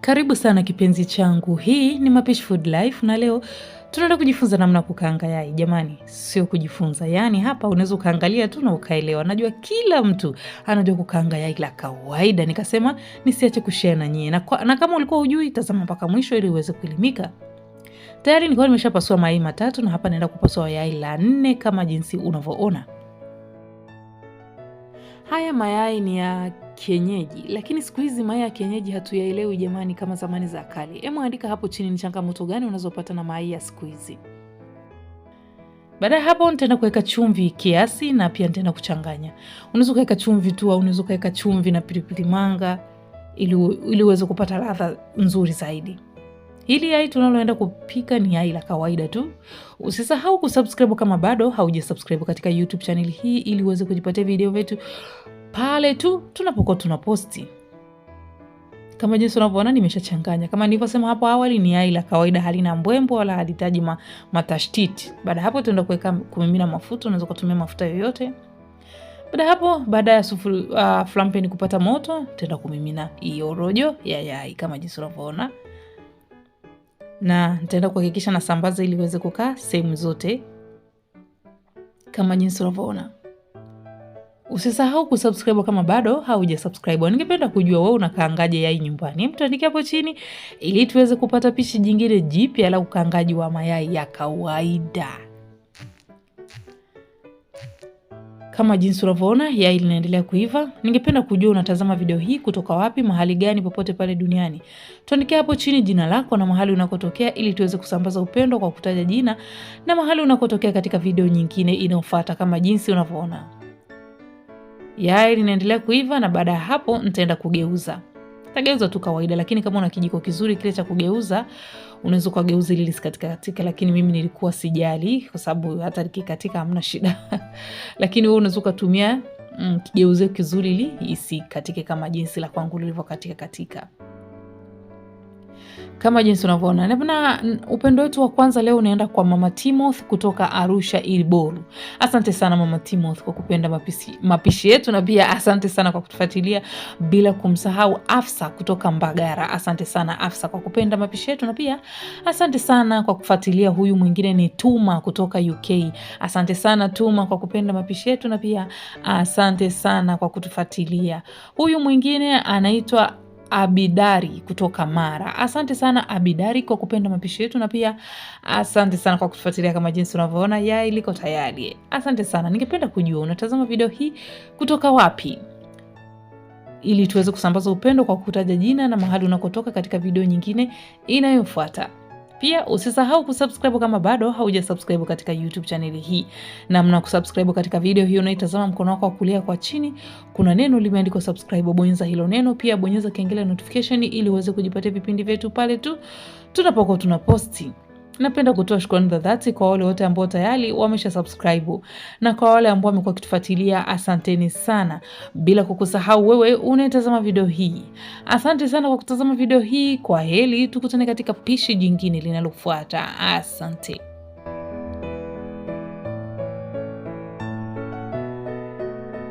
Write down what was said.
Karibu sana kipenzi changu, hii ni Mapishi Food Life na leo tunaenda kujifunza namna ya kukaanga yai. Jamani, sio kujifunza, yaani hapa unaweza ukaangalia tu na ukaelewa. Najua kila mtu anajua kukaanga yai la kawaida, nikasema nisiache kushare na nyie na, kama ulikuwa hujui, tazama mpaka mwisho ili uweze kuelimika. Tayari nilikuwa nimeshapasua mayai matatu na hapa naenda kupasua yai la nne kama jinsi unavyoona. Haya mayai ni ya kienyeji, lakini siku hizi mayai ya kienyeji hatuyaelewi jamani, kama zamani za kale. hemu andika hapo chini ni changamoto gani unazopata na mayai ya siku hizi. Baada ya hapo nitaenda kuweka chumvi kiasi, na pia nitaenda kuchanganya. Unaweza kuweka chumvi tu au unaweza kuweka chumvi na pilipili manga ili uweze kupata ladha nzuri zaidi. Hili yai tunaloenda kupika ni yai la kawaida tu. Usisahau kusubscribe kama bado hauja subscribe katika YouTube channel hii ili uweze kujipatia video wetu pale tu tunapokuwa tunaposti. Kama jinsi unavyoona nimeshachanganya. Kama nilivyosema hapo awali, ni yai la kawaida, halina mbwembo wala halihitaji ma, matashtiti. Baada hapo tunaenda kuweka kumimina mafuta, unaweza kutumia mafuta yoyote. Baada hapo, baada ya sufu uh, flampeni kupata moto, tutaenda kumimina hiyo rojo ya yai kama jinsi unavyoona, na nitaenda kuhakikisha nasambaza ili iweze kukaa sehemu zote kama jinsi unavyoona. Usisahau kusubscribe kama bado haujasubscribe. Ningependa kujua wewe unakaangaje yai nyumbani, mtuandikie hapo chini ili tuweze kupata pishi jingine jipya la ukaangaji wa mayai ya kawaida. Kama jinsi unavyoona yai linaendelea kuiva, ningependa kujua unatazama video hii kutoka wapi, mahali gani, popote pale duniani. Tuandikia hapo chini jina lako na mahali unakotokea ili tuweze kusambaza upendo kwa kutaja jina na mahali unakotokea katika video nyingine inayofuata kama jinsi unavyoona. Yai linaendelea kuiva na baada ya hapo nitaenda kugeuza. tageuza tu kawaida, lakini kama una kijiko kizuri kile cha kugeuza unaweza ukageuza ili katika, lakini mimi nilikuwa sijali kwa sababu hata likikatika hamna shida lakini wewe unaweza ukatumia mm, kigeuzio kizuri ili isikatike kama jinsi la kwangu lilivyokatika katika kama jinsi unavyoona na upendo wetu wa kwanza leo unaenda kwa mama Timoth kutoka Arusha Ilboru. Asante sana mama Timoth kwa kupenda mapisi, mapishi yetu na pia asante sana kwa kutufuatilia, bila kumsahau Afsa kutoka Mbagara. Asante sana Afsa kwa kupenda mapishi yetu na pia asante sana kwa kufuatilia. Huyu mwingine ni Tuma kutoka UK. Asante sana Tuma kwa kupenda mapishi yetu na pia asante sana kwa kutufuatilia. Huyu mwingine anaitwa Abidari kutoka Mara. Asante sana Abidari kwa kupenda mapishi yetu, na pia asante sana kwa kutufuatilia. Kama jinsi unavyoona, yai liko tayari. Asante sana. Ningependa kujua unatazama video hii kutoka wapi, ili tuweze kusambaza upendo kwa kutaja jina na mahali unakotoka katika video nyingine inayofuata. Pia usisahau kusubscribe kama bado haujasubscribe katika YouTube chaneli hii. Namna kusubscribe katika video hii unaitazama mkono wako wa kulia kwa chini, kuna neno limeandikwa subscribe, bonyeza hilo neno. Pia bonyeza kengele notification ili uweze kujipatia vipindi vyetu pale tu tunapokuwa tunaposti. Napenda kutoa shukrani za dhati kwa wale wote ambao tayari wamesha subscribe na kwa wale ambao wamekuwa wakitufuatilia, asanteni sana, bila kukusahau wewe unayetazama video hii. Asante sana kwa kutazama video hii. Kwa heli tukutane katika pishi jingine linalofuata. Asante.